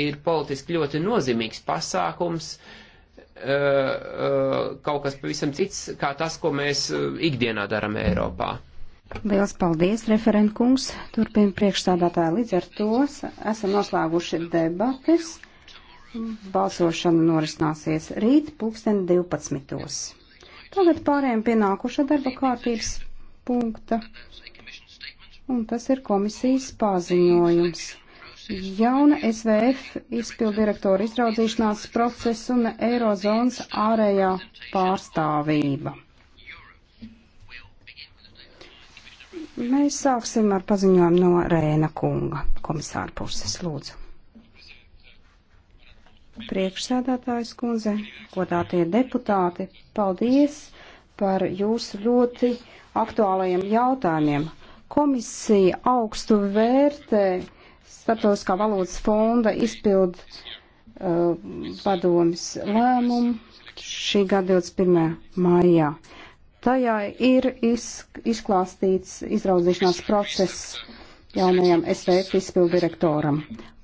ir politiski ļoti nozīmīgs pasākums, eh, eh, kaut kas pavisam cits, kā tas, ko mēs eh, ikdienā darām Eiropā. Liels paldies, referent kungs. Turpin priekšstādātāja līdz ar to esam noslēguši debates. Balsošana norisināsies rīt pulksten 12. Tagad pārējiem pienākuša darba kārtības punkta. Un tas ir komisijas paziņojums. Jauna SVF izpildirektora izraudzīšanās process un Eirozonas ārējā pārstāvība. Mēs sāksim ar paziņojumu no Rēna kunga komisāra puses, lūdzu. Priekšsēdētājs kundze, godātie deputāti, paldies par jūsu ļoti aktuālajiem jautājumiem. Komisija augstu vērtē Starptautiskā valūtas fonda izpild uh, padomis lēmumu šī gada 21. maijā. Tajā ir izk izklāstīts izraudzīšanās process jaunajam SVF izpildu direktoram.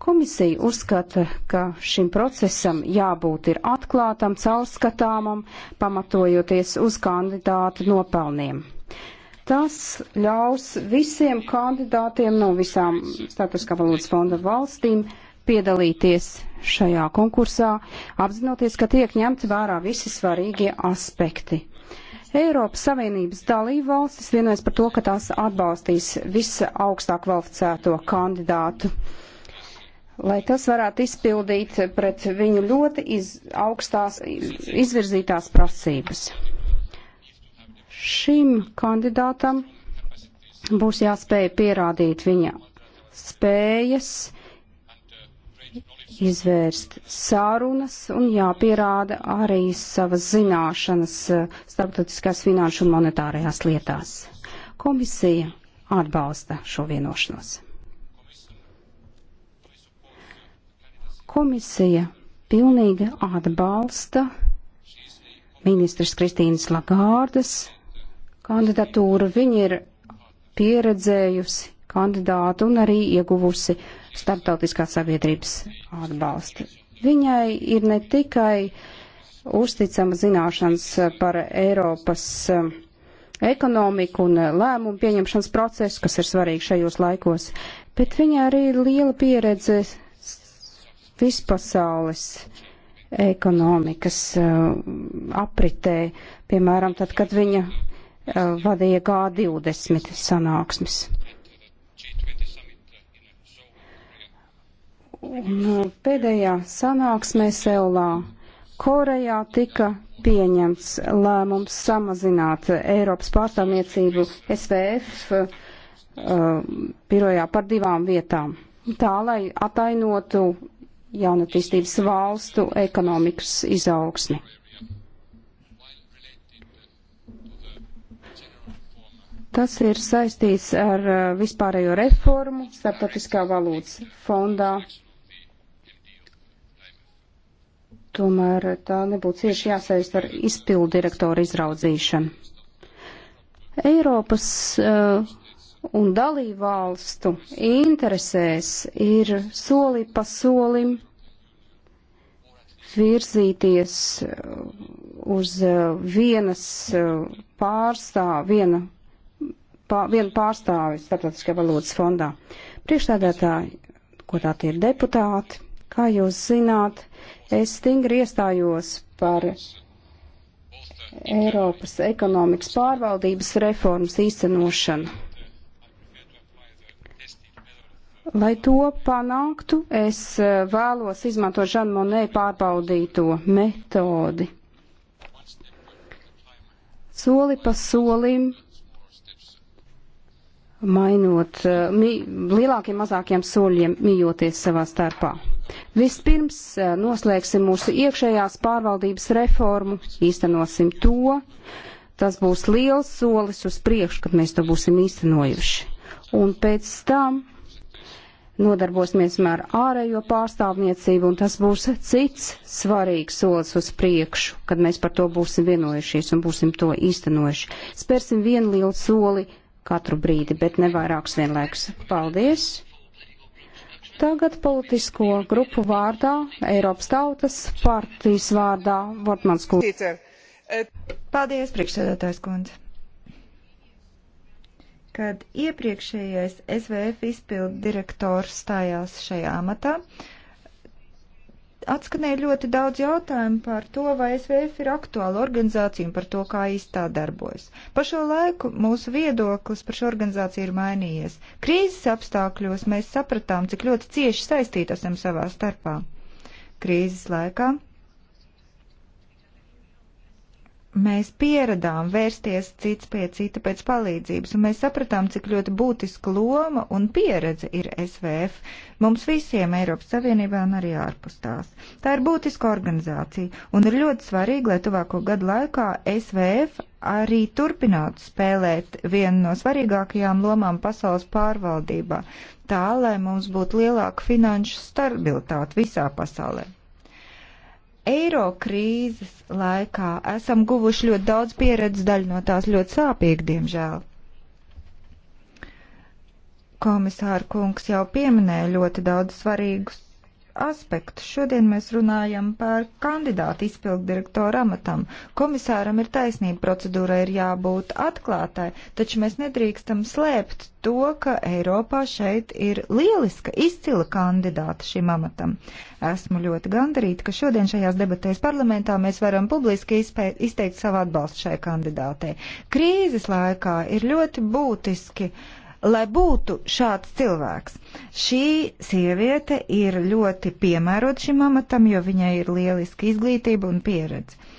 Komisija uzskata, ka šim procesam jābūt ir atklātam, caurskatāmam, pamatojoties uz kandidātu nopelniem. Tas ļaus visiem kandidātiem no visām Startautiskā valūtas fonda valstīm piedalīties šajā konkursā, apzinoties, ka tiek ņemti vērā visi svarīgie aspekti. Eiropas Savienības dalība valstis vienojas par to, ka tās atbalstīs visa augstāk kvalificēto kandidātu, lai tas varētu izpildīt pret viņu ļoti iz, augstās iz, izvirzītās prasības. Šim kandidātam būs jāspēj pierādīt viņa spējas, izvērst sārunas un jāpierāda arī savas zināšanas eh, starptautiskās finanšu un monetārajās lietās. Komisija atbalsta šo vienošanos. Komisija pilnīgi atbalsta ministrs Kristīnas Lagārdas kandidatūru. Viņa ir pieredzējusi kandidātu un arī ieguvusi starptautiskās sabiedrības atbalstu. Viņai ir ne tikai uzticama zināšanas par Eiropas um, ekonomiku un uh, lēmumu pieņemšanas procesu, kas ir svarīgi šajos laikos, bet viņa arī ir liela pieredze vispasaules ekonomikas uh, apritē, piemēram, tad, kad viņa vadīja G20 sanāksmes. Un uh, pēdējā sanāksmē Seulā Korejā tika pieņemts lēmums samazināt Eiropas pārstāvniecību SVF uh, birojā par divām vietām. Tā, lai atainotu jaunatīstības valstu ekonomikas izaugsmi. Tas ir saistīts ar uh, vispārējo reformu starptautiskā valūtas fondā. Tomēr uh, tā nebūtu cieši jāsaist ar izpildu direktoru izraudzīšanu. Eiropas uh, un dalībvalstu interesēs ir soli pa solim virzīties uh, uz vienas pārstāv, viena pā, vienu pārstāvi Startautiskajā valūtas fondā. Priekšstādētāji, ko tā tie ir deputāti, kā jūs zināt, es stingri iestājos par Eiropas ekonomikas pārvaldības reformas īstenošanu. Lai to panāktu, es eh, vēlos izmantot Žanu Monē pārbaudīto metodi. Soli pa solim mainot eh, mi, lielākiem mazākiem soļiem, mijoties savā starpā. Vispirms eh, noslēgsim mūsu iekšējās pārvaldības reformu, īstenosim to. Tas būs liels solis uz priekšu, kad mēs to būsim īstenojuši. Un pēc tam nodarbosimies ar ārējo pārstāvniecību, un tas būs cits svarīgs solis uz priekšu, kad mēs par to būsim vienojušies un būsim to īstenojuši. Spērsim vienu lielu soli katru brīdi, bet ne vairāks vienlaiks. Paldies! Tagad politisko grupu vārdā, Eiropas tautas partijas vārdā, Vortmans kundze. Paldies, priekšsēdētājs kundze. Kad iepriekšējais SVF izpildu direktors stājās šajā amatā, uh, atskanēja ļoti daudz jautājumu par to, vai SVF ir aktuāla organizācija un par to, kā īsti tā darbojas. Pa šo laiku mūsu viedoklis par šo organizāciju ir mainījies. Krīzes apstākļos mēs sapratām, cik ļoti cieši saistīti esam savā starpā. Krīzes laikā mēs pieradām vērsties cits pie cita pēc palīdzības, un mēs sapratām, cik ļoti būtiska loma un pieredze ir SVF mums visiem Eiropas Savienībā un arī ārpus tās. Tā ir būtiska organizācija, un ir ļoti svarīgi, lai tuvāko gadu laikā SVF arī turpinātu spēlēt vienu no svarīgākajām lomām pasaules pārvaldībā, tā, lai mums būtu lielāka finanšu stabilitāte visā pasaulē. Eiro krīzes laikā esam guvuši ļoti daudz pieredzes, daļa no tās ļoti sāpīgi, diemžēl. Komisāra kungs jau pieminēja ļoti daudz svarīgus aspektu. Šodien mēs runājam par kandidātu izpildu direktoru amatam. Komisāram ir taisnība, procedūrai ir jābūt atklātai, taču mēs nedrīkstam slēpt to, ka Eiropā šeit ir lieliska, izcila kandidāta šim amatam. Esmu ļoti gandarīta, ka šodien šajās debatēs parlamentā mēs varam publiski izteikt savu atbalstu šai kandidātei. Krīzes laikā ir ļoti būtiski uh, lai būtu šāds cilvēks. Šī sieviete ir ļoti piemērota šim amatam, jo viņai ir lieliska izglītība un pieredze.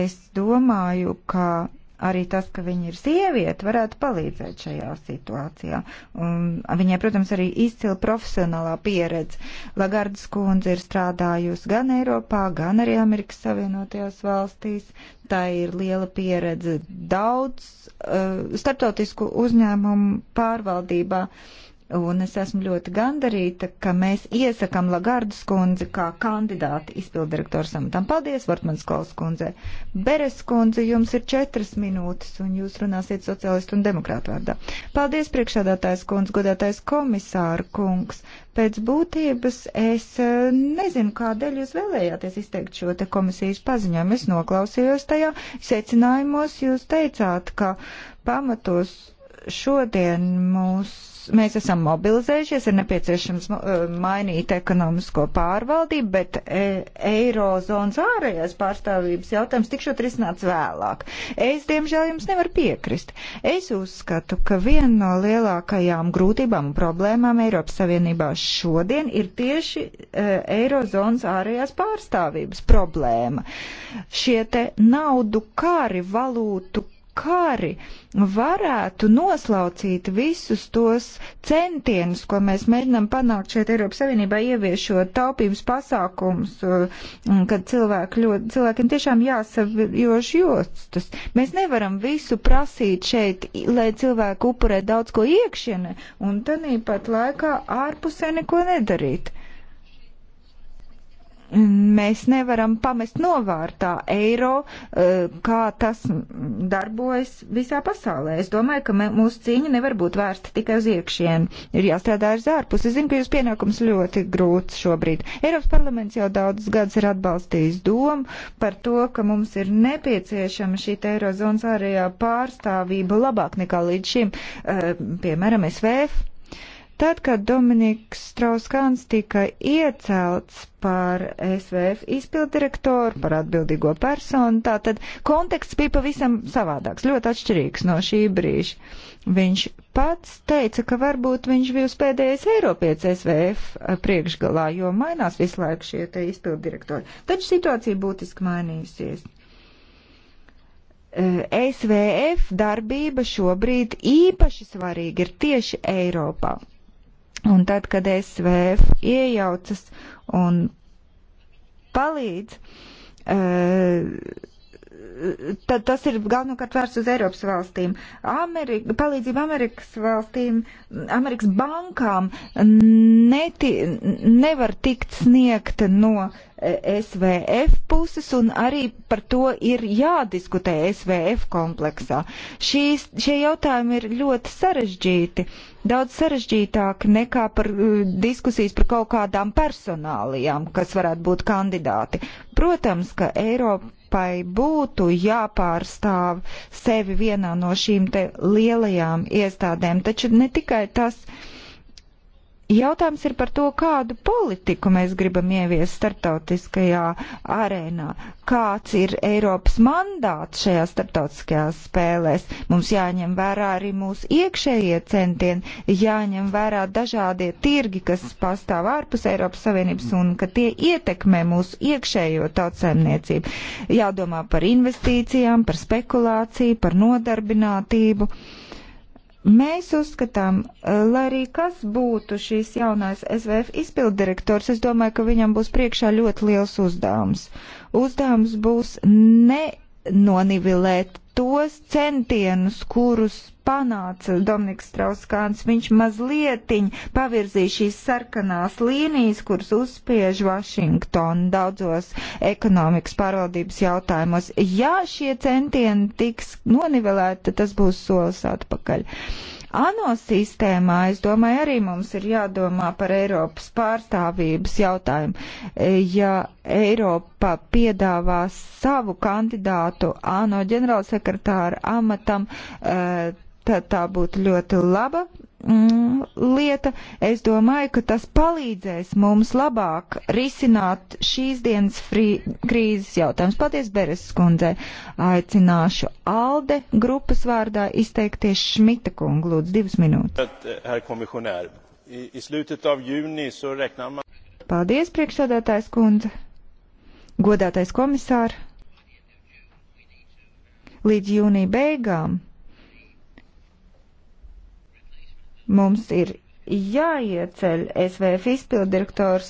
Es domāju, ka arī tas, ka viņa ir sieviete, varētu palīdzēt šajā situācijā. Un viņai, protams, arī izcila profesionālā pieredze. Lagardas kundze ir strādājusi gan Eiropā, gan arī Amerikas Savienotajās valstīs. Tā ir liela pieredze daudz uh, starptautisku uzņēmumu pārvaldībā. Uh, Un es esmu ļoti gandarīta, ka mēs iesakam Lagardas kundzi kā kandidāti izpildirektoru samatam. Paldies, Vortmans Kols kundze. Beres kundze, jums ir četras minūtes, un jūs runāsiet socialistu un demokrātu vārdā. Paldies, priekšādātājs kundze, godātājs komisāra kungs. Pēc būtības es e, nezinu, kādēļ jūs vēlējāties izteikt šo te komisijas paziņojumu. Es noklausījos tajā secinājumos, jūs teicāt, ka pamatos šodien mūs mēs esam mobilizējušies, ir nepieciešams nu, eh, mainīt ekonomisko pārvaldību, bet e, eirozonas ārējās pārstāvības jautājums tikšot risināts vēlāk. Es, diemžēl, jums nevaru piekrist. Es uzskatu, ka viena no lielākajām grūtībām un problēmām Eiropas Savienībā šodien ir tieši e, eirozonas ārējās pārstāvības problēma. Šie te naudu kari, valūtu kari varētu noslaucīt visus tos centienus, ko mēs mēģinām panākt šeit Eiropas Savienībā, ieviešot taupības pasākums, kad cilvēki ļoti, cilvēkiem tiešām jāsavijoš jostas. Mēs nevaram visu prasīt šeit, lai cilvēki upurē daudz ko iekšienē, un tad īpat laikā ārpusē neko nedarīt mēs nevaram pamest novārtā eiro, eh, kā tas darbojas visā pasaulē. Es domāju, ka mūsu cīņa nevar būt vērsta tikai uz iekšienu. Ir jāstrādā ar zārpus. Es zinu, ka jūs pienākums ļoti grūts šobrīd. Eiropas parlaments jau daudzus gadus ir atbalstījis domu par to, ka mums ir nepieciešama šī eirozonas ārējā pārstāvība labāk nekā līdz šim, eh, piemēram, SVF Tad, kad Dominiks Strauskāns tika iecelts par SVF izpildirektoru, par atbildīgo personu, tātad konteksts bija pavisam savādāks, ļoti atšķirīgs no šī brīža. Viņš pats teica, ka varbūt viņš bija uz pēdējais Eiropietis SVF eh, priekšgalā, jo mainās visu laiku šie te izpildirektori. Taču situācija būtiski mainījusies. Eh, SVF darbība šobrīd īpaši svarīga ir tieši Eiropā. Un tad, kad SVF iejaucas un palīdz, eh, tad tas ir galvenokārt vērsts uz Eiropas valstīm. Amerika, palīdzība Amerikas valstīm, Amerikas bankām neti, nevar tikt sniegta no SVF puses un arī par to ir jādiskutē SVF kompleksā. Šīs, šie jautājumi ir ļoti sarežģīti, daudz sarežģītāk nekā par uh, diskusijas par kaut kādām personālijām, kas varētu būt kandidāti. Protams, ka Eiropa grupai būtu jāpārstāv sevi vienā no šīm te lielajām iestādēm, taču ne tikai tas. Uh, Jautājums ir par to, kādu politiku mēs gribam ieviest starptautiskajā arēnā, kāds ir Eiropas mandāts šajā starptautiskajās spēlēs. Mums jāņem vērā arī mūsu iekšējie centieni, jāņem vērā dažādie tirgi, kas pastāv ārpus Eiropas Savienības un ka tie ietekmē mūsu iekšējo tautsēmniecību. Jādomā par investīcijām, par spekulāciju, par nodarbinātību. Uh, Mēs uzskatām, eh, lai arī kas būtu šīs jaunās SVF izpildirektors, es domāju, ka viņam būs priekšā ļoti liels uzdevums. Uzdevums būs ne nonivilēt tos centienus, kurus panāca Dominiks Trauskāns, viņš mazlietiņ pavirzīja šīs sarkanās līnijas, kuras uzspiež Vašingtonu daudzos ekonomikas pārvaldības jautājumos. Ja šie centieni tiks nonivelēti, tad tas būs solis atpakaļ. Uh, ANO sistēmā, es domāju, arī mums ir jādomā par Eiropas pārstāvības jautājumu. E, ja Eiropa piedāvās savu kandidātu ANO ģenerālsekretāru amatam, uh, tad tā būtu ļoti laba mm, lieta. Es domāju, ka tas palīdzēs mums labāk risināt šīs dienas frī, krīzes jautājumus. Paldies, Beres skundzē. Aicināšu Alde grupas vārdā izteikties Šmita kungu. Lūdzu, divas minūtes. Eh, Paldies, priekšsādātājs kundze. Godātais komisār. Līdz jūnija beigām Mums ir jāieceļ SVF izpildirektors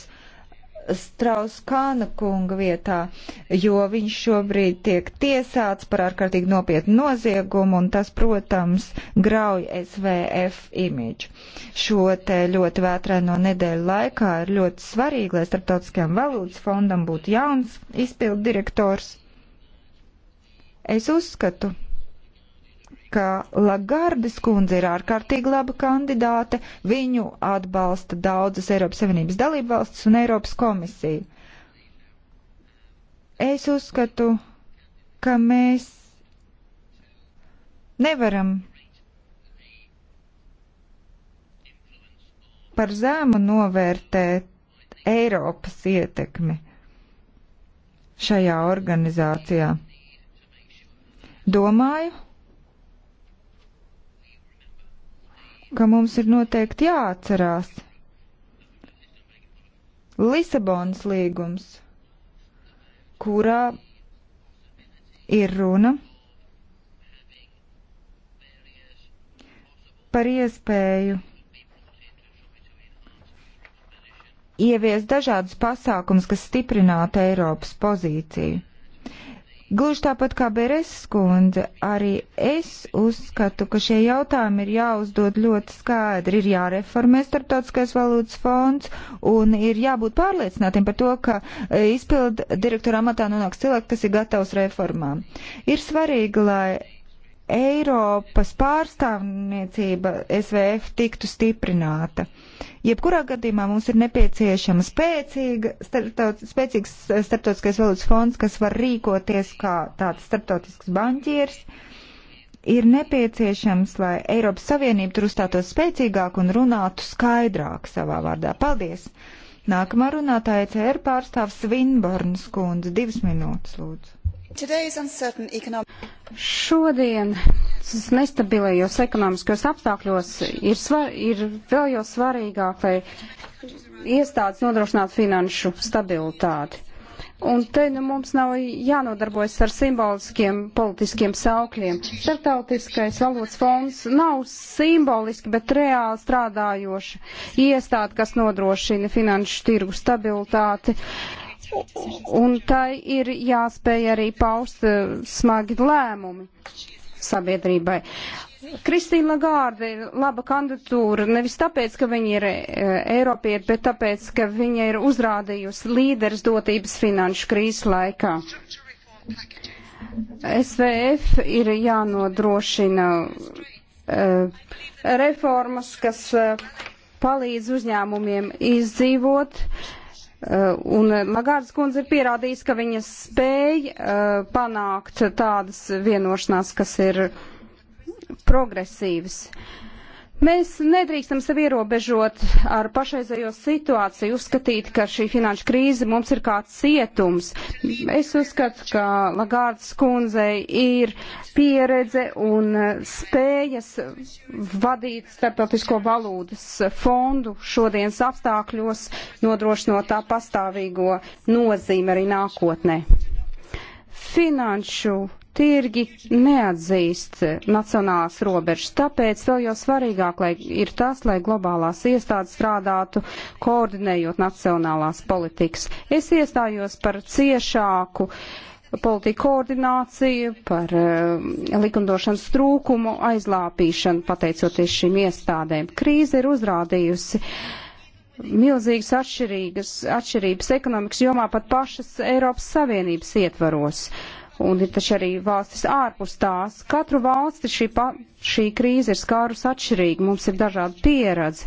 Strauskāna kunga vietā, jo viņš šobrīd tiek tiesāts par ārkārtīgi nopietnu noziegumu, un tas, protams, grauj SVF imidžu. Šo te ļoti vētrēno nedēļu laikā ir ļoti svarīgi, lai starptautiskajam valūtas fondam būtu jauns izpildu direktors. Es uzskatu, ka Lagardes kundze ir ārkārtīgi laba kandidāte, viņu atbalsta daudzas Eiropas Savienības dalību valstis un Eiropas komisija. Es uzskatu, ka mēs nevaram par zēmu novērtēt Eiropas ietekmi šajā organizācijā. Domāju, ka mums ir noteikti jāatcerās. Lisabonas līgums, kurā ir runa par iespēju ievies dažādus pasākums, kas stiprinātu Eiropas pozīciju. Gluži tāpat kā Bereses kundze, arī es uzskatu, ka šie jautājumi ir jāuzdod ļoti skaidri, ir jāreformē starptautiskais valūtas fonds un ir jābūt pārliecinātiem par to, ka e, izpildu direktora amatā nonāks cilvēki, kas ir gatavs reformām. Ir svarīgi, lai Eiropas pārstāvniecība SVF tiktu stiprināta. Jebkurā gadījumā mums ir nepieciešama spēcīga, starptaut, spēcīgs eh, starptautiskais valūtas fonds, kas var rīkoties kā tāds starptautisks banķieris. Ir nepieciešams, lai Eiropas Savienība tur uzstātos spēcīgāk un runātu skaidrāk savā vārdā. Paldies! Nākamā runātāja CR pārstāv Svinbornas kundze. Divas minūtes, lūdzu. Šodien nestabilajos ekonomiskos apstākļos ir, svar, ir vēl jau svarīgāk, lai iestādes nodrošinātu finanšu stabilitāti. Un te nu, mums nav jānodarbojas ar simboliskiem politiskiem saukļiem. Startautiskais valūtas fonds nav simboliski, bet reāli strādājoša iestāde, kas nodrošina finanšu tirgu stabilitāti. Uh, un tai ir jāspēj arī paust eh, smagi lēmumi sabiedrībai. Kristīna Lagārda ir laba kandidatūra nevis tāpēc, ka viņa ir eh, Eiropieta, bet tāpēc, ka viņa ir uzrādījusi līderes dotības finanšu krīzes laikā. SVF ir jānodrošina uh, reformas, kas uh, palīdz uzņēmumiem izdzīvot. Uh, Uh, un uh, Magārdas kundze ir pierādījis, ka viņa spēj uh, panākt tādas vienošanās, kas ir progresīvas. Mēs nedrīkstam sevi ierobežot ar pašreizējo situāciju, uzskatīt, ka šī finanšu krīze mums ir kā cietums. Es uzskatu, ka Lagārdas kundzei ir pieredze un spējas vadīt starptautisko valūtas fondu šodienas apstākļos, nodrošinot tā pastāvīgo nozīmi arī nākotnē. Finanšu tirgi neatzīst nacionālās robežas. Tāpēc vēl jau svarīgāk lai ir tas, lai globālās iestādes strādātu, koordinējot nacionālās politikas. Es iestājos par ciešāku politiku koordināciju, par uh, likumdošanas trūkumu aizlāpīšanu, pateicoties šīm iestādēm. Krīze ir uzrādījusi milzīgas atšķirības ekonomikas jomā pat pašas Eiropas Savienības ietvaros. Uh, un ir taču arī valstis ārpus tās. Katru valsti šī, pa, šī krīze ir skārus atšķirīgi, mums ir dažādi pieredze.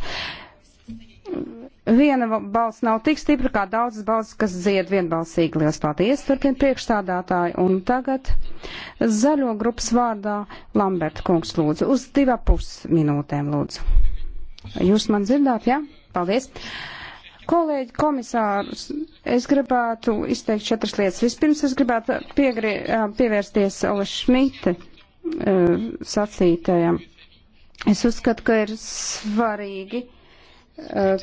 Viena balss nav tik stipra kā daudzas balss, kas dzied vienbalsīgi. Lielas paldies, turpina priekšstādātāji. Un tagad zaļo grupas vārdā Lamberta kungs lūdzu. Uz divā pus minūtēm lūdzu. Jūs man dzirdāt, jā? Ja? Paldies. Uh, Kolēģi komisārus, es gribētu izteikt četras lietas. Vispirms es gribētu piegri, pievērsties Ola Šmita sacītajam. Es uzskatu, ka ir svarīgi,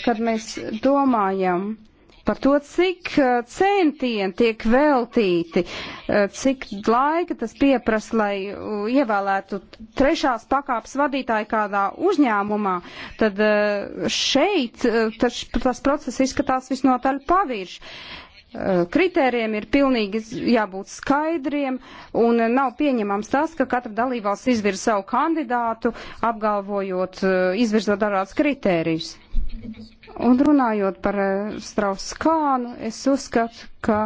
kad mēs domājam, par to, cik eh, centieni tiek veltīti, eh, cik laika tas pieprasa, lai eh, ievēlētu trešās pakāpes vadītāju kādā uzņēmumā, tad šeit tas, tas process izskatās visnotaļ pavirši kritērijiem ir pilnīgi jābūt skaidriem un nav pieņemams tas, ka katra dalībvalsts izvirza savu kandidātu, apgalvojot, izvirzot dažādas kritērijas. Un runājot par eh, Strauskānu, es uzskatu, ka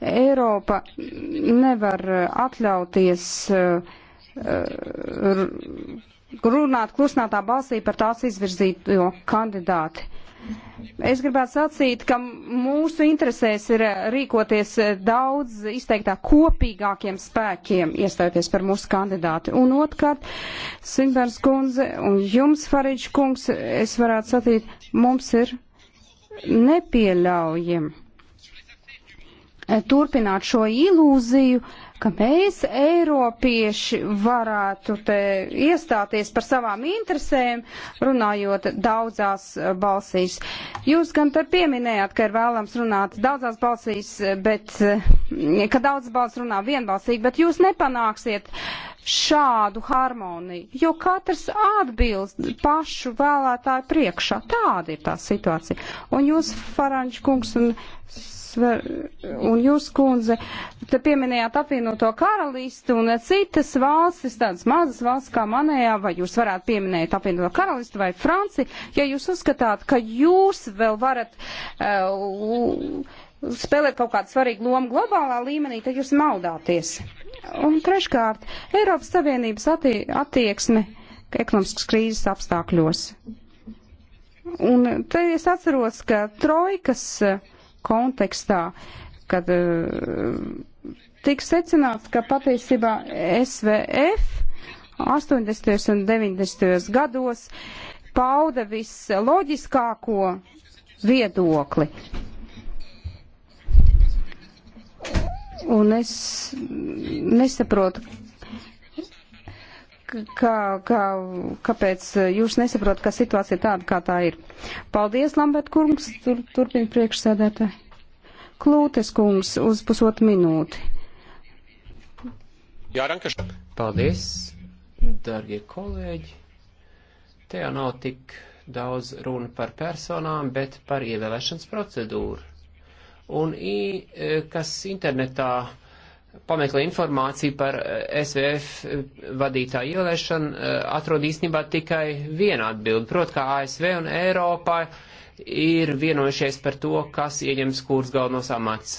Eiropa nevar eh, atļauties eh, runāt klusnātā balsī par tās izvirzīto kandidāti. Es gribētu sacīt, ka mūsu interesēs ir rīkoties daudz izteiktāk kopīgākiem spēkiem, iestājoties par mūsu kandidātu. Un otrkārt, Svinbērns kundze un jums, Fariģ kungs, es varētu sacīt, mums ir nepieļaujami turpināt šo ilūziju, ka mēs, Eiropieši, varētu te iestāties par savām interesēm, runājot daudzās balsīs. Jūs gan te pieminējāt, ka ir vēlams runāt daudzās balsīs, bet, ka daudz balss runā vienbalsīgi, bet jūs nepanāksiet šādu harmoniju, jo katrs atbilst pašu vēlētāju priekšā. Tāda ir tā situācija. Un jūs, Faranģ kungs un sver, un jūs, kundze, te pieminējāt apvienoto karalistu un citas valstis, tādas mazas valsts kā manējā, vai jūs varētu pieminēt apvienoto karalistu vai Franci, ja jūs uzskatāt, ka jūs vēl varat. Uh, spēlēt kaut kādu svarīgu lomu globālā līmenī, tad jūs maldāties. Un treškārt, Eiropas Savienības attie attieksme ekonomiskas krīzes apstākļos. Un te es atceros, ka trojkas uh, kontekstā, kad eh, tika secināts, ka patiesībā SVF 80. un 90. gados pauda visloģiskāko viedokli. Un es nesaprotu, kā, kā, kāpēc jūs nesaprotat, ka situācija ir tāda, kā tā ir. Paldies, Lambert kungs, tur, turpina priekšsēdētē. Klūtes kungs uz pusotru minūti. Jā, Rankaš. Paldies, darbie kolēģi. Te jau nav tik daudz runa par personām, bet par ievēlēšanas procedūru. Un, i, e, kas internetā uh, pameklē informāciju par eh, SVF eh, vadītāju ielēšanu, eh, atrod īstenībā tikai vienu atbildi. Prot, kā ASV un Eiropā ir vienojušies par to, kas ieņems kurs galvenos amats.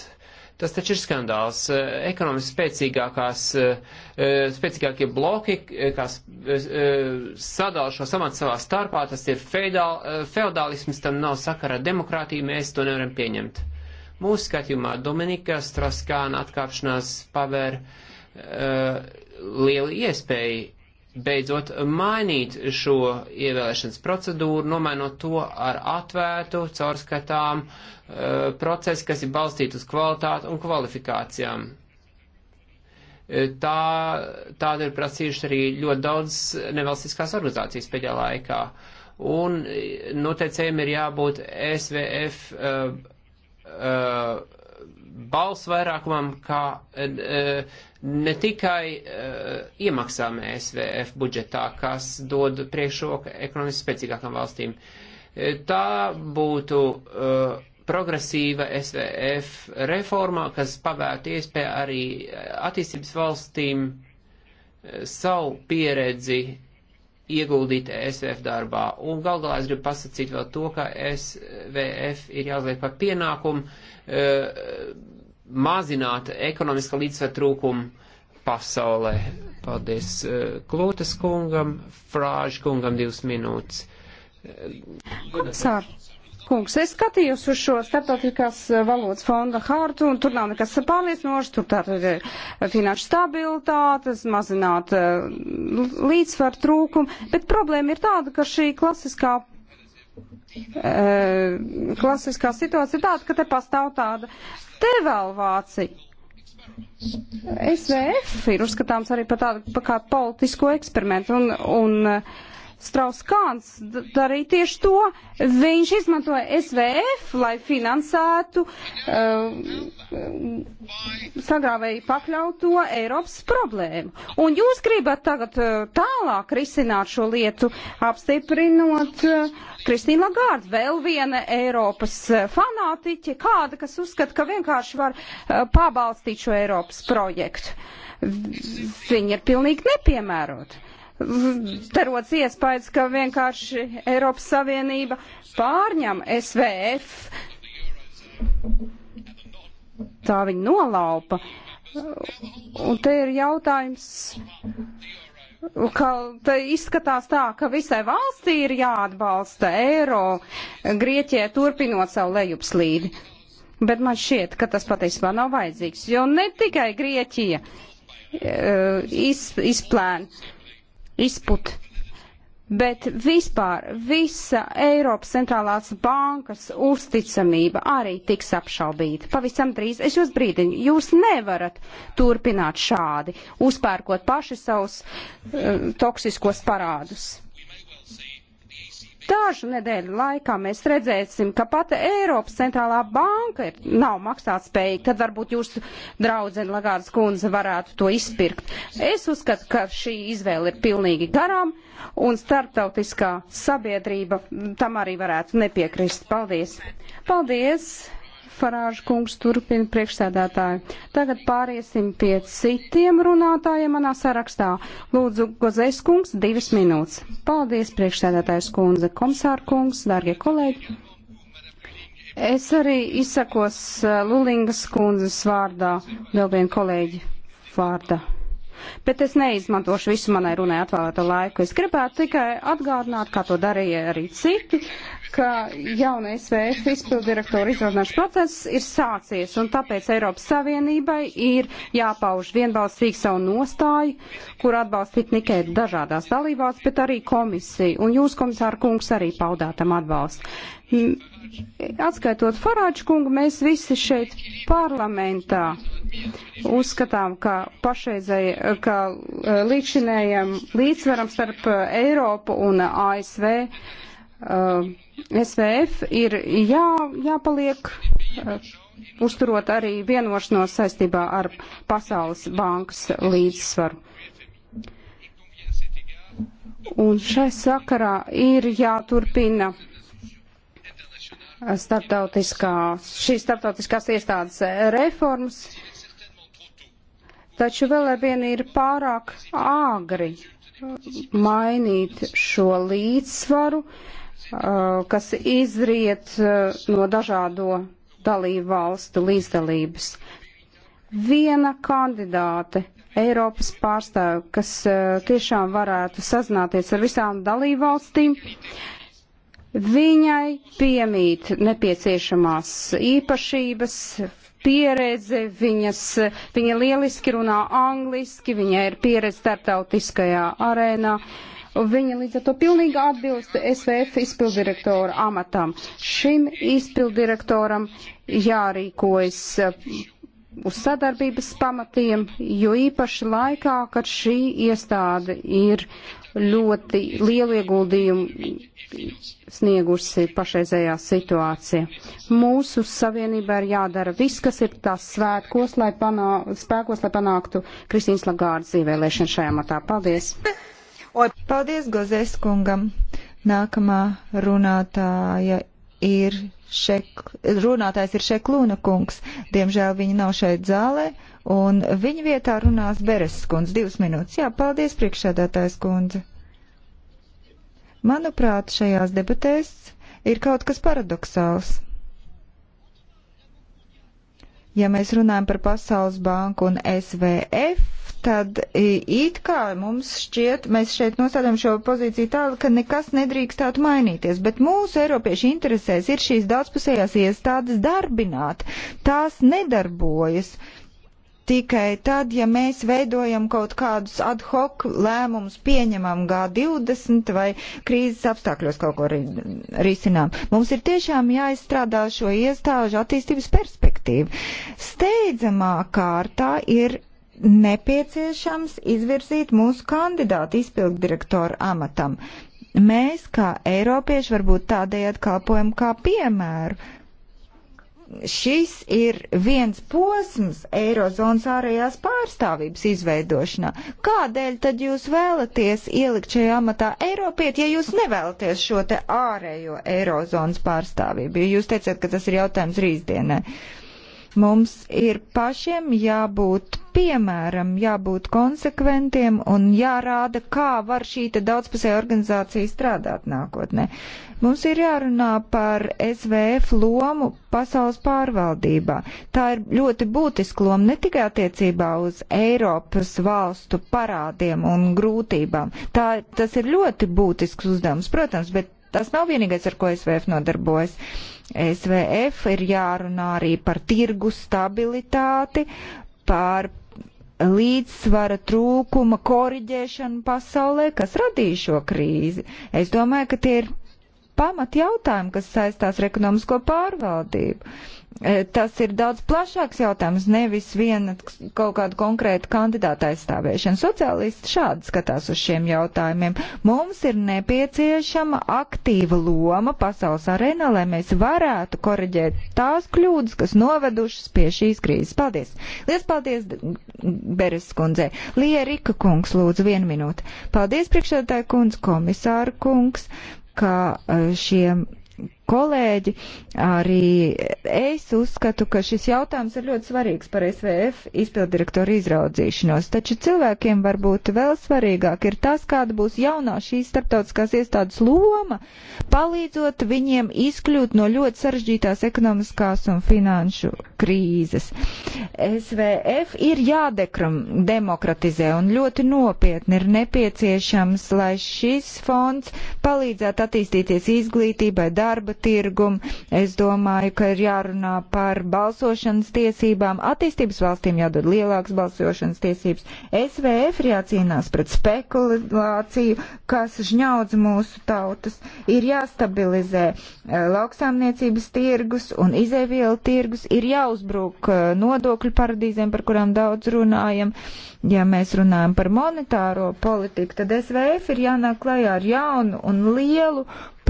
Tas taču ir skandāls. Ekonomiski spēcīgākās, spēcīgākie bloki, kas sadala šo samatu savā starpā, tas ir feudālisms, tam nav sakara ar demokrātiju, mēs to nevaram pieņemt. Mūsu skatījumā Dominika Straskāna atkāpšanās paver uh, eh, lielu iespēju beidzot mainīt šo ievēlēšanas procedūru, nomainot to ar atvērtu, caurskatām uh, procesu, kas ir balstīts uz kvalitāti un kvalifikācijām. Eh, tā, tāda ir prasījuši arī ļoti daudz nevalstiskās organizācijas pēdējā laikā. Un noteicējiem ir jābūt SVF uh, uh, balss vairākumam, kā uh, ne tikai uh, iemaksām SVF budžetā, kas dod priekšroku ekonomiski spēcīgākām valstīm. Uh, tā būtu uh, progresīva SVF reforma, kas pavērtu iespēju arī attīstības valstīm uh, savu pieredzi ieguldīt ESVF darbā. Un gal galā es gribu pasakīt vēl to, ka SVF ir jāuzliek par pienākumu uh, mazināt ekonomiskā līdzsvera trūkumu pasaulē. Paldies uh, Klūtas kungam, Frāžu kungam divas minūtes. Eh, sār, kungs, es skatījos uz šo starptautiskās eh, valodas fonda hārtu, un tur nav nekas pārliecinošs, tur tātad ir eh, finanšu stabilitātes, mazināt eh, līdzsvaru trūkumu, bet problēma ir tāda, ka šī klasiskā klasiskā situācija ir tāda, ka te pastāv tāda devalvācija. SVF ir uzskatāms arī par tādu par kā politisko eksperimentu, un, un Strauskāns darīja tieši to. Viņš izmantoja SVF, lai finansētu uh, sagrāvēju pakļauto Eiropas problēmu. Un jūs gribat tagad uh, tālāk risināt šo lietu, apstiprinot uh, Kristīnu Lagārdu, vēl viena Eiropas uh, fanātiķe, kāda, kas uzskata, ka vienkārši var uh, pabalstīt šo Eiropas projektu. Viņi ir pilnīgi nepiemēroti darots iespējas, ka vienkārši Eiropas Savienība pārņem SVF. Tā viņa nolaupa. Un te ir jautājums, ka te izskatās tā, ka visai valstī ir jāatbalsta eiro, Grieķijai turpinot savu lejupslīdi. Bet man šķiet, ka tas patiesībā nav vajadzīgs, jo ne tikai Grieķija uh, iz, izplēna izput. Bet vispār visa Eiropas centrālās bankas uzticamība arī tiks apšaubīta. Pavisam drīz es jūs brīdiņu, jūs nevarat turpināt šādi, uzpērkot paši savus uh, toksiskos parādus. Dažu nedēļu laikā mēs redzēsim, ka pat Eiropas centrālā banka ir, nav maksāt spējīga, tad varbūt jūsu draudzene Lagārdas kundze varētu to izpirkt. Es uzskatu, ka šī izvēle ir pilnīgi garām un starptautiskā sabiedrība tam arī varētu nepiekrist. Paldies! Paldies! Farāža kungs turpina priekšsēdētāju. Tagad pāriesim pie citiem runātājiem manā sarakstā. Lūdzu, Gozais kungs, divas minūtes. Paldies, priekšsēdētājs kundze, komisāra kungs, dārgie kolēģi. Es arī izsakos uh, Lulingas kundzes vārdā, vēl vienu kolēģi vārdā. Bet es neizmantošu visu manai runai atvēlēto laiku. Es gribētu tikai atgādināt, kā to darīja arī citi, ka jauna SVF izpildirektora izrunāšanas process ir sācies, un tāpēc Eiropas Savienībai ir jāpauž vienbalstīgi savu nostāju, kur atbalstīt ne tikai dažādās dalībās, bet arī komisiju, un jūs, komisāra kungs, arī paudātam atbalstu. Atskaitot Farāģu kungu, mēs visi šeit parlamentā uzskatām, ka pašreizēji, ka e, līdzinējam līdzsvaram starp e, Eiropu un ASV uh, SVF ir jā, jāpaliek uh, uzturot arī vienošanos saistībā ar Pasaules bankas līdzsvaru. Un šai sakarā ir jāturpina starptautiskās, šīs starptautiskās iestādes reformas, taču vēl ar vienu ir pārāk āgri mainīt šo līdzsvaru, uh, Uh, kas izriet uh, no dažādo dalību valstu līdzdalības. Viena kandidāte Eiropas pārstāvju, kas uh, tiešām varētu sazināties ar visām dalību valstīm, viņai piemīt nepieciešamās īpašības, pieredze, viņas, viņa lieliski runā angliski, viņai ir pieredze starptautiskajā arēnā. Uh, Viņa līdz ar to pilnīgi atbilst SVF izpildirektora amatam. Šim izpildirektoram jārīkojas uh, uz sadarbības pamatiem, jo īpaši laikā, kad šī iestāde ir ļoti lielu ieguldījumu sniegusi pašreizējā situācija. Mūsu savienībā ir jādara viss, kas ir tās svētkos, lai panā, spēkos, lai panāktu Kristīnas Lagārdas ievēlēšanu šajā matā. Paldies! Paldies Gozes kungam. Nākamā runātāja ir šek, runātājs ir Šeklūna kungs. Diemžēl viņa nav šeit zālē, un viņa vietā runās Bereses kundze. Divas minūtes. Jā, paldies priekšsēdētājs kundze. Manuprāt, šajās debatēs ir kaut kas paradoxāls. Ja mēs runājam par Pasaules banku un SVF, tad it kā mums šķiet, mēs šeit nostādām šo pozīciju tādu, ka nekas nedrīkstētu mainīties, bet mūsu Eiropiešu interesēs ir šīs daudzpusējās iestādes darbināt. Tās nedarbojas tikai tad, ja mēs veidojam kaut kādus ad hoc lēmumus, pieņemam G20 vai krīzes apstākļos kaut ko risinām. Mums ir tiešām jāizstrādā šo iestāžu attīstības perspektīvu. Steidzamā kārtā ir nepieciešams izvirzīt mūsu kandidātu izpilddirektoru amatam. Mēs, kā Eiropieši, varbūt tādējādi kalpojam kā piemēru. Šis ir viens posms Eirozonas ārējās pārstāvības izveidošanā. Kādēļ tad jūs vēlaties ielikt šajā amatā Eiropiet, ja jūs nevēlaties šo te ārējo Eirozonas pārstāvību? Jūs teicat, ka tas ir jautājums rītdienai. Uh, Mums ir pašiem jābūt piemēram, jābūt konsekventiem un jārāda, kā var šī daudzpusēja organizācija strādāt nākotnē. Mums ir jārunā par SVF lomu pasaules pārvaldībā. Tā ir ļoti būtiska loma ne tikai attiecībā uz Eiropas valstu parādiem un grūtībām. Tā, tas ir ļoti būtisks uzdevums, protams, bet tas nav vienīgais, ar ko SVF nodarbojas. SVF ir jārunā arī par tirgu stabilitāti, par līdzsvara trūkuma koriģēšanu pasaulē, kas radīja šo krīzi. Es domāju, ka tie ir pamat jautājumi, kas saistās ar ekonomisko pārvaldību. E, tas ir daudz plašāks jautājums, nevis viena kaut kāda konkrēta kandidāta aizstāvēšana. Sociālisti šādi skatās uz šiem jautājumiem. Mums ir nepieciešama aktīva loma pasaules arēnā, lai mēs varētu koreģēt tās kļūdas, kas novedušas pie šīs krīzes. Paldies! Lies paldies, Beres kundzei! Lija Rika kungs, lūdzu, vienu minūti. Paldies, priekšsēdētāja kundze, komisāra kungs, ka e, šiem kolēģi, arī es uzskatu, ka šis jautājums ir ļoti svarīgs par SVF izpildirektoru izraudzīšanos. Taču cilvēkiem varbūt vēl svarīgāk ir tas, kāda būs jaunā šīs starptautiskās iestādes loma, palīdzot viņiem izkļūt no ļoti sarežģītās ekonomiskās un finanšu krīzes. SVF ir jādemokratizē un ļoti nopietni ir nepieciešams, lai šis fonds palīdzētu attīstīties izglītībai, darba tirgumu. Es domāju, ka ir jārunā par balsošanas tiesībām. Attīstības valstīm jādod lielākas balsošanas tiesības. SVF ir jācīnās pret spekulāciju, kas žņaudz mūsu tautas. Ir jāstabilizē eh, lauksaimniecības tirgus un izēvielu tirgus. Ir jāuzbruk eh, nodokļu paradīzēm, par kurām daudz runājam. Ja mēs runājam par monetāro politiku, tad SVF ir jānāk klajā ar jaunu un lielu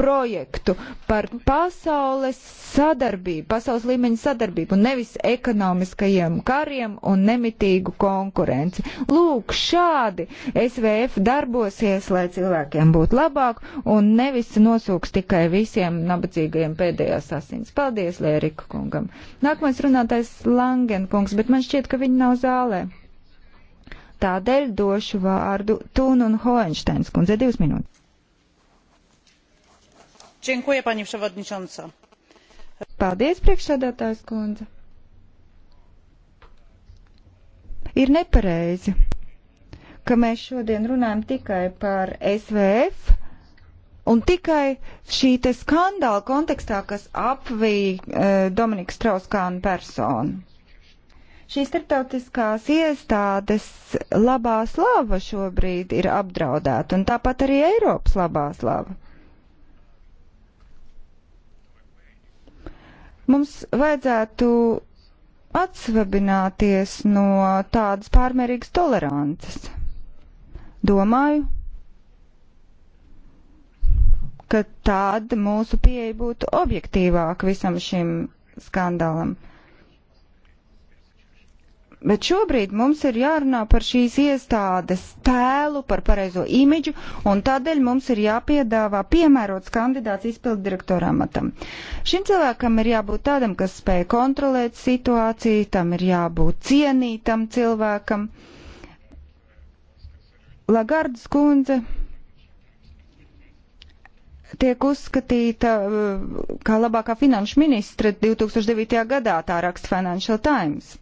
projektu, par pasaules sadarbību, pasaules līmeņa sadarbību, nevis ekonomiskajiem kariem un nemitīgu konkurenci. Lūk, šādi SVF darbosies, lai cilvēkiem būtu labāk un nevis nosūks tikai visiem nabadzīgajiem pēdējās asins. Paldies, Lērika kungam. Nākamais runātais Langen kungs, bet man šķiet, ka viņi nav zālē. Tādēļ došu vārdu Tūnu un Hoensteins kundzei divas minūtes. Paldies, priekšsēdētājs kundze. Ir nepareizi, ka mēs šodien runājam tikai par SVF un tikai šī te skandāla kontekstā, kas apvīja eh, Dominika Strauskānu personu šīs starptautiskās iestādes labā slava šobrīd ir apdraudēta, un tāpat arī Eiropas labā slava. Mums vajadzētu atsvabināties no tādas pārmērīgas tolerances. Domāju, ka tāda mūsu pieeja būtu objektīvāka visam šim skandālam. Bet šobrīd mums ir jārunā par šīs iestādes tēlu, par pareizo imidžu, un tādēļ mums ir jāpiedāvā piemērots kandidāts izpildu direktora amatam. Šim cilvēkam ir jābūt tādam, kas spēja kontrolēt situāciju, tam ir jābūt cienītam cilvēkam. Lagardas kundze tiek uzskatīta uh, kā labākā finanšu ministra 2009. gadā, tā raksta Financial Times.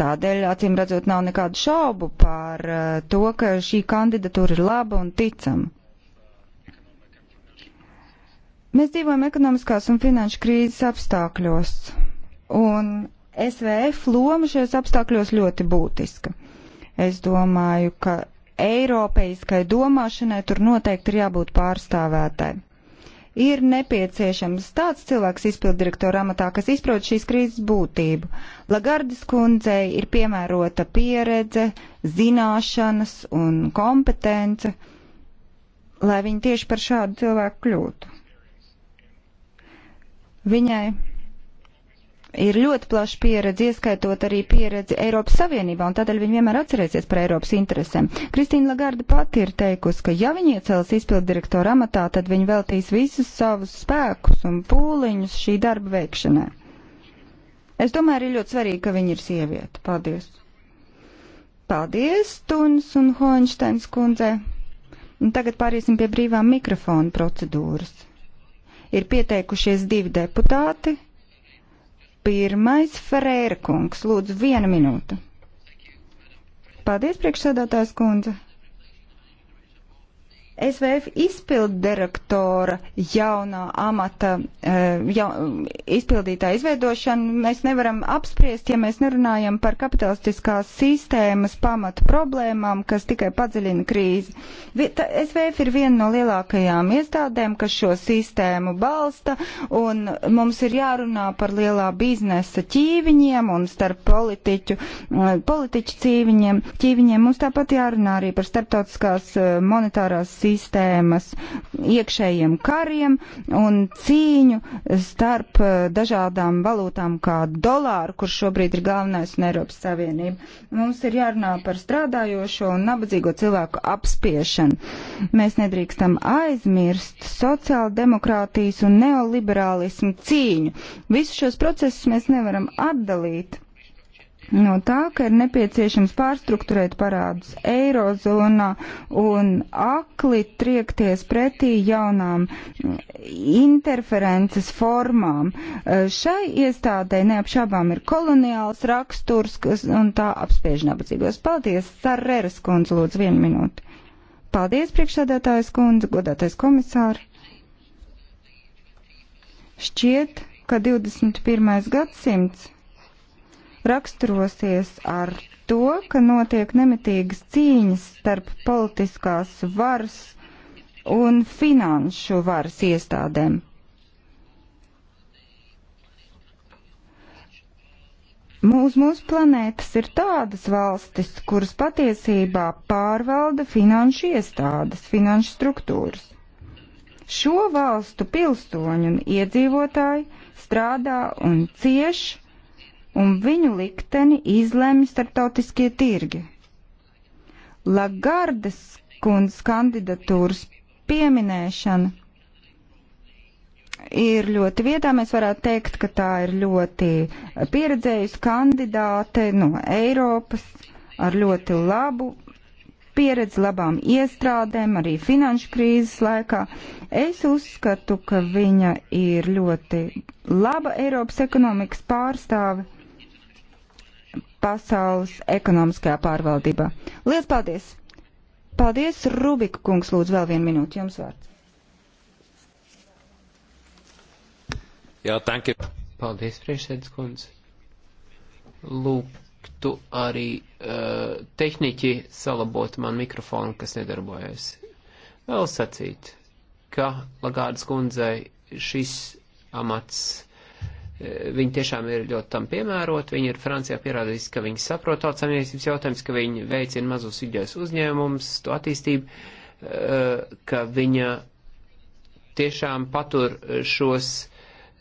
Tādēļ, acīm redzot, nav nekādu šaubu par eh, to, ka šī kandidatūra ir laba un ticama. Mēs dzīvojam ekonomiskās un finanšu krīzes apstākļos, un SVF loma šajos apstākļos ļoti būtiska. Es domāju, ka Eiropeiskai domāšanai tur noteikti ir jābūt pārstāvētai. Ir nepieciešams tāds cilvēks izpildirektora amatā, kas izprot šīs krīzes būtību. Lagardas kundzei ir piemērota pieredze, zināšanas un kompetence, lai viņa tieši par šādu cilvēku kļūtu. Viņai ir ļoti plaša pieredze, ieskaitot arī pieredzi Eiropas Savienībā, un tādēļ viņi vienmēr atcerēsies par Eiropas interesēm. Kristīna Lagarda pati ir teikusi, ka ja viņi iecels izpildirektoru amatā, tad viņi veltīs visus savus spēkus un pūliņus šī darba veikšanai. Es domāju, arī ļoti svarīgi, ka viņa ir sieviete. Paldies! Paldies, Tunis un Hoņšteins kundzei! Un tagad pāriesim pie brīvā mikrofona procedūras. Ir pieteikušies divi deputāti Pirmais Ferēra kungs, lūdzu, viena minūte. Paldies, priekšsēdētājs kundze. SVF izpilddirektora jaunā amata e, ja, izpildītāja izveidošanu mēs nevaram apspriest, ja mēs nerunājam par kapitalistiskās sistēmas pamatu problēmām, kas tikai padziļina krīzi. SVF ir viena no lielākajām iestādēm, kas šo sistēmu balsta, un mums ir jārunā par lielā biznesa ķīviņiem un starp politiķu, e, politiķu ķīviņiem. ķīviņiem. Mums tāpat jārunā arī par starptautiskās e, monetārās sistēmas sistēmas iekšējiem kariem un cīņu starp eh, dažādām valūtām kā dolāru, kurš šobrīd ir galvenais un Eiropas Savienība. Mums ir jārunā par strādājošo un nabadzīgo cilvēku apspiešanu. Mēs nedrīkstam aizmirst sociāldemokrātijas un neoliberālismu cīņu. Visus šos procesus mēs nevaram atdalīt no tā, ka ir nepieciešams pārstruktūrēt parādus eirozonā un akli triekties pretī jaunām interferences formām. E, šai iestādē neapšābām ir koloniāls raksturs kas, un tā apspiež nabadzīgos. Paldies, Sarreras kundze, lūdzu, vienu minūti. Paldies, priekšsēdētājs kundze, godātais komisāri. Šķiet, ka 21. gadsimts raksturosies ar to, ka notiek nemitīgas cīņas starp politiskās varas un finanšu varas iestādēm. Mūs, mūsu planētas ir tādas valstis, kuras patiesībā pārvalda finanšu iestādes, finanšu struktūras. Šo valstu pilsoņi un iedzīvotāji strādā un cieši un viņu likteni izlemj starptautiskie tirgi. Lagardes kundzes kandidatūras pieminēšana ir ļoti vietā. Mēs varētu teikt, ka tā ir ļoti pieredzējusi kandidāte no Eiropas ar ļoti labu pieredzi, labām iestrādēm, arī finanšu krīzes laikā. Es uzskatu, ka viņa ir ļoti laba Eiropas ekonomikas pārstāve pasaules ekonomiskajā pārvaldībā. Lielas paldies! Paldies, Rubika kungs, lūdzu vēl vienu minūti jums vārds. Jā, tanki. Paldies, priekšsēdus kundze. Lūgtu arī uh, tehniķi salabot man mikrofonu, kas nedarbojas. Vēl sacīt, ka Lagārdas kundzei šis amats Viņi tiešām ir ļoti tam piemērot, viņi ir Francijā pierādījuši, ka viņi saprot tautsamiesības jautājums, ka viņi veicina mazos vidējos uzņēmumus, to attīstību, eh, ka viņa tiešām patur šos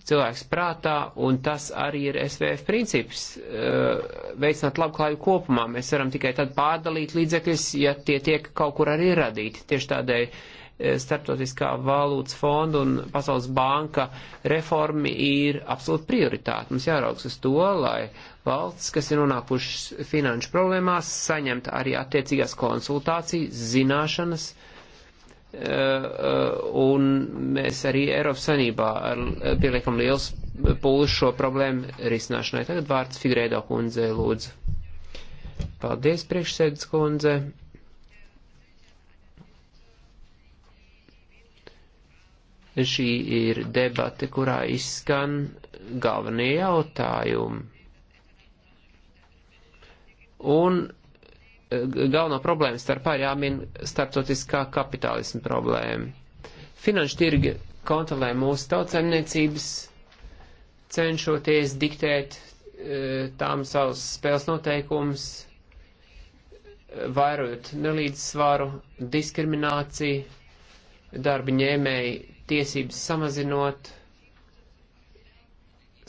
cilvēks prātā, un tas arī ir SVF princips eh, - veicināt labklājību kopumā. Mēs varam tikai tad pārdalīt līdzekļus, ja tie tiek kaut kur arī radīti. Tieši tādēļ Eh, starptautiskā valūtas fonda un Pasaules banka reformi ir absolūti prioritāte. Mums jāraugs uz to, lai valsts, kas ir nonākušas finanšu problēmās, saņemt arī attiecīgās konsultācijas, zināšanas, eh, un mēs arī Eiropas Sanībā pieliekam liels pūlis šo problēmu risināšanai. Tagad vārds Figrēdo kundzei lūdzu. Paldies, priekšsēdus kundze. Šī ir debate, kurā izskan galvenie jautājumi. Un e, galvenā problēma starpā ir jāmin starptautiskā kapitālisma problēma. Finanšu tirgi kontrolē mūsu tautsaimniecības, cenšoties diktēt e, tām savus spēles noteikumus, vairot nelīdzsvaru, diskrimināciju, darba ņēmēji tiesības samazinot,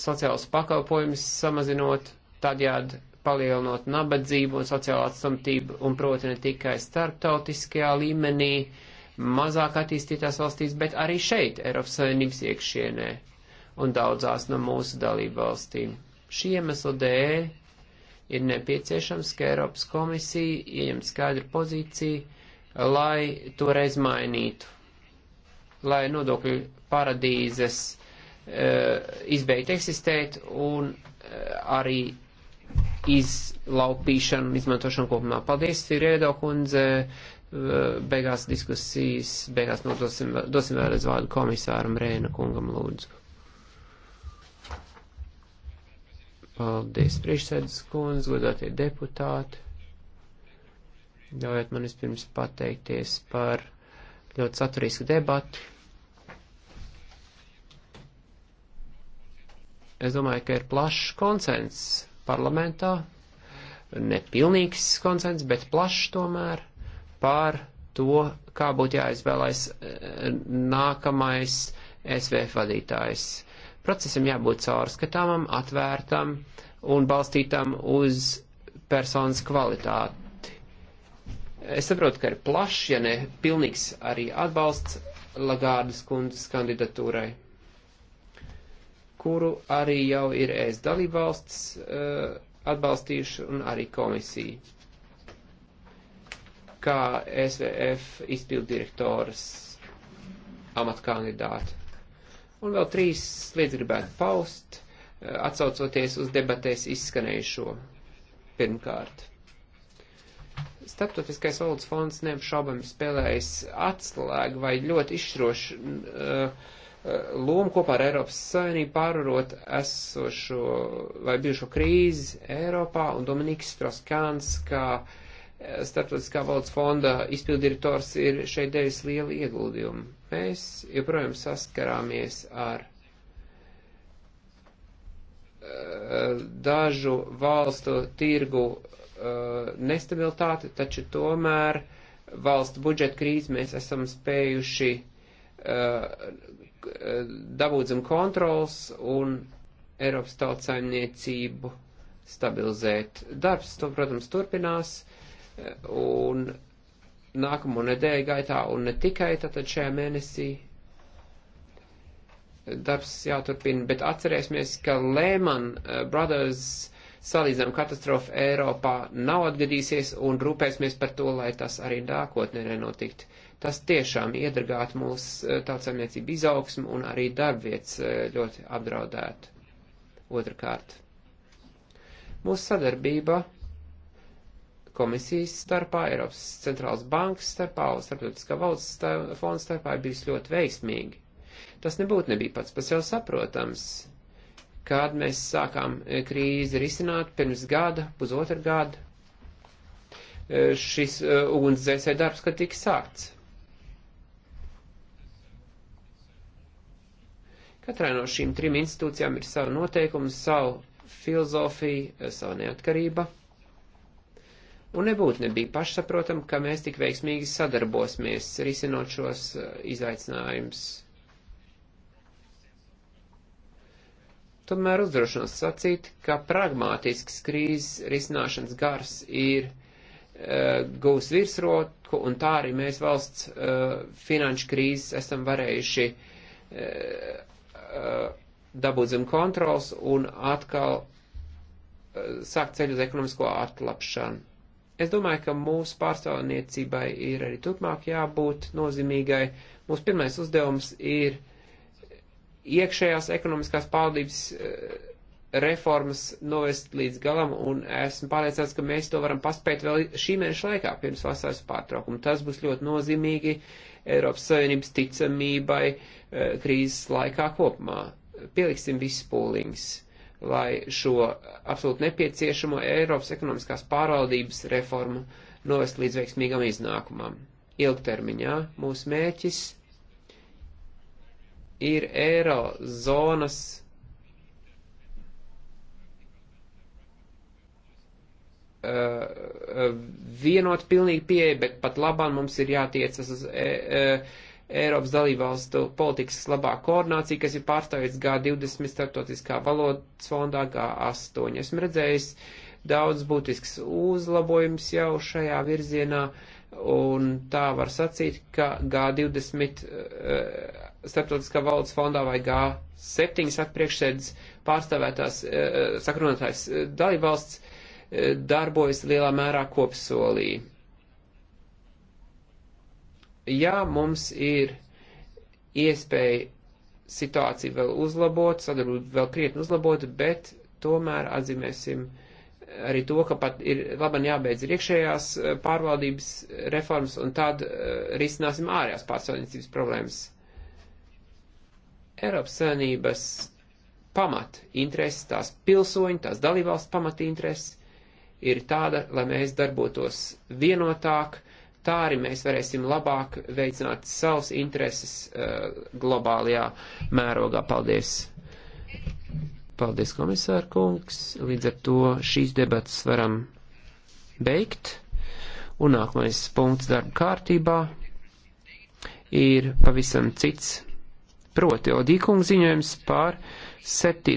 sociālus pakalpojumus samazinot, tādējādi palielinot nabadzību un sociālo atstumtību, un proti ne tikai starptautiskajā līmenī, mazāk attīstītās valstīs, bet arī šeit, Eiropas Savienības iekšienē un daudzās no mūsu dalību valstīm. Šī iemesla dēļ ir nepieciešams, ka Eiropas komisija ieņem skaidru pozīciju, lai toreiz mainītu lai nodokļu paradīzes e, izbeigtu eksistēt un e, arī izlaupīšanu un izmantošanu kopumā. Paldies, Firēdo kundze. E, beigās diskusijas, beigās nodosim, dosim vēlreiz vārdu komisāram Rēna kungam lūdzu. Paldies, priekšsēdus kundze, godātie deputāti. Ļaujiet man vispirms pateikties par ļoti saturisku debatu. Es domāju, ka ir plašs konsens parlamentā, nepilnīgs konsens, bet plašs tomēr pār to, kā būtu jāizvēlais eh, nākamais SVF vadītājs. Procesam jābūt caurskatāmam, atvērtam un balstītam uz personas kvalitāti Es saprotu, ka ir plašs, ja ne pilnīgs arī atbalsts Lagārdas kundzes kandidatūrai, kuru arī jau ir es dalībvalsts eh, atbalstījuši un arī komisija. Kā SVF izpildirektoras amatkandidāti. Un vēl trīs lietas gribētu paust, eh, atsaucoties uz debatēs izskanējušo. Pirmkārt, Starptautiskais valodas fonds neapšaubami spēlējis atslēgu vai ļoti izšķirošu uh, uh, lomu kopā ar Eiropas Savienību pārvarot esošo vai bijušo krīzi Eiropā un Dominiks Straskāns, kā uh, Startautiskā valsts fonda izpildirektors ir šeit devis lielu ieguldījumu. Mēs joprojām saskarāmies ar uh, dažu valstu tirgu Uh, nestabilitāti, taču tomēr valstu budžeta krīzi mēs esam spējuši uh, dabūt zem kontrols un Eiropas tautsaimniecību stabilizēt. Darbs to, protams, turpinās uh, un nākamo nedēļu gaitā un ne tikai tātad šajā mēnesī darbs jāturpina, bet atcerēsimies, ka Lehman Brothers salīdzinām katastrofa Eiropā nav atgadīsies un rūpēsimies par to, lai tas arī nākotnē nenotikt. Tas tiešām iedragātu mūsu eh, tautsamniecību izaugsmu un arī darbvietas eh, ļoti apdraudētu. Otrakārt, mūsu sadarbība komisijas starpā, Eiropas centrālas bankas starpā, starptautiskā valsts fonda starpā ir bijusi ļoti veiksmīga. Tas nebūtu nebija pats par sev saprotams Kad mēs sākām eh, krīzi risināt pirms gada, pusotra gada, eh, šis eh, ugunsdzēsē darbs, kad tika sākts. Katrai no šīm trim institūcijām ir sava noteikuma, savu filozofiju, savu neatkarību. Un nebūtu nebija pašsaprotam, ka mēs tik veiksmīgi sadarbosimies risinot šos izaicinājumus Tomēr uzdrošinos sacīt, ka pragmātisks krīzes risināšanas gars ir uh, e, gūs virsroku, un tā arī mēs valsts uh, finanšu krīzes esam varējuši uh, uh, dabūt zem kontrols un atkal uh, sākt ceļu uz ekonomisko atlapšanu. Es domāju, ka mūsu pārstāvniecībai ir arī turpmāk jābūt nozīmīgai. Mūsu pirmais uzdevums ir iekšējās ekonomiskās pārvaldības eh, reformas novest līdz galam, un esmu pārliecināts, ka mēs to varam paspēt vēl šī mēneša laikā, pirms vasaras pārtraukuma. Tas būs ļoti nozīmīgi Eiropas Savienības ticamībai eh, krīzes laikā kopumā. Pieliksim visus pūliņus, lai šo absolūti nepieciešamo Eiropas ekonomiskās pārvaldības reformu novest līdz veiksmīgam iznākumam. Ilgtermiņā mūsu mēķis ir eirozonas uh, vienot pilnīgi pieeja, bet pat labāk mums ir jātiecas uz e, e, Eiropas dalībvalstu politikas labā koordinācija, kas ir pārstāvīts G20 starptautiskā valodas fondā G8. Esmu redzējis daudz būtisks uzlabojums jau šajā virzienā. Uh, Un tā var sacīt, ka G20 uh, starptautiskā valdes fondā vai G7 atpriekšsēdz pārstāvētās uh, sakrunātājs eh, dalībvalsts uh, darbojas lielā mērā kopsolī. Jā, mums ir iespēja situāciju vēl uzlabot, sadarbību vēl krietni uzlabot, bet tomēr atzīmēsim uh, arī to, ka pat ir labam jābeidz ir iekšējās eh, pārvaldības reformas un tad eh, risināsim ārējās pārstāvniecības problēmas. Eiropas Savienības pamat intereses, tās pilsoņu, tās dalībvalsts pamat intereses ir tāda, lai mēs darbotos vienotāk, tā arī mēs varēsim labāk veicināt savus intereses uh, globālajā mērogā. Paldies! Paldies, komisāra kungs. Līdz ar to šīs debatas varam beigt. Un nākamais punkts darba kārtībā ir pavisam cits. Proti, Odīkungs ziņojums pār 7.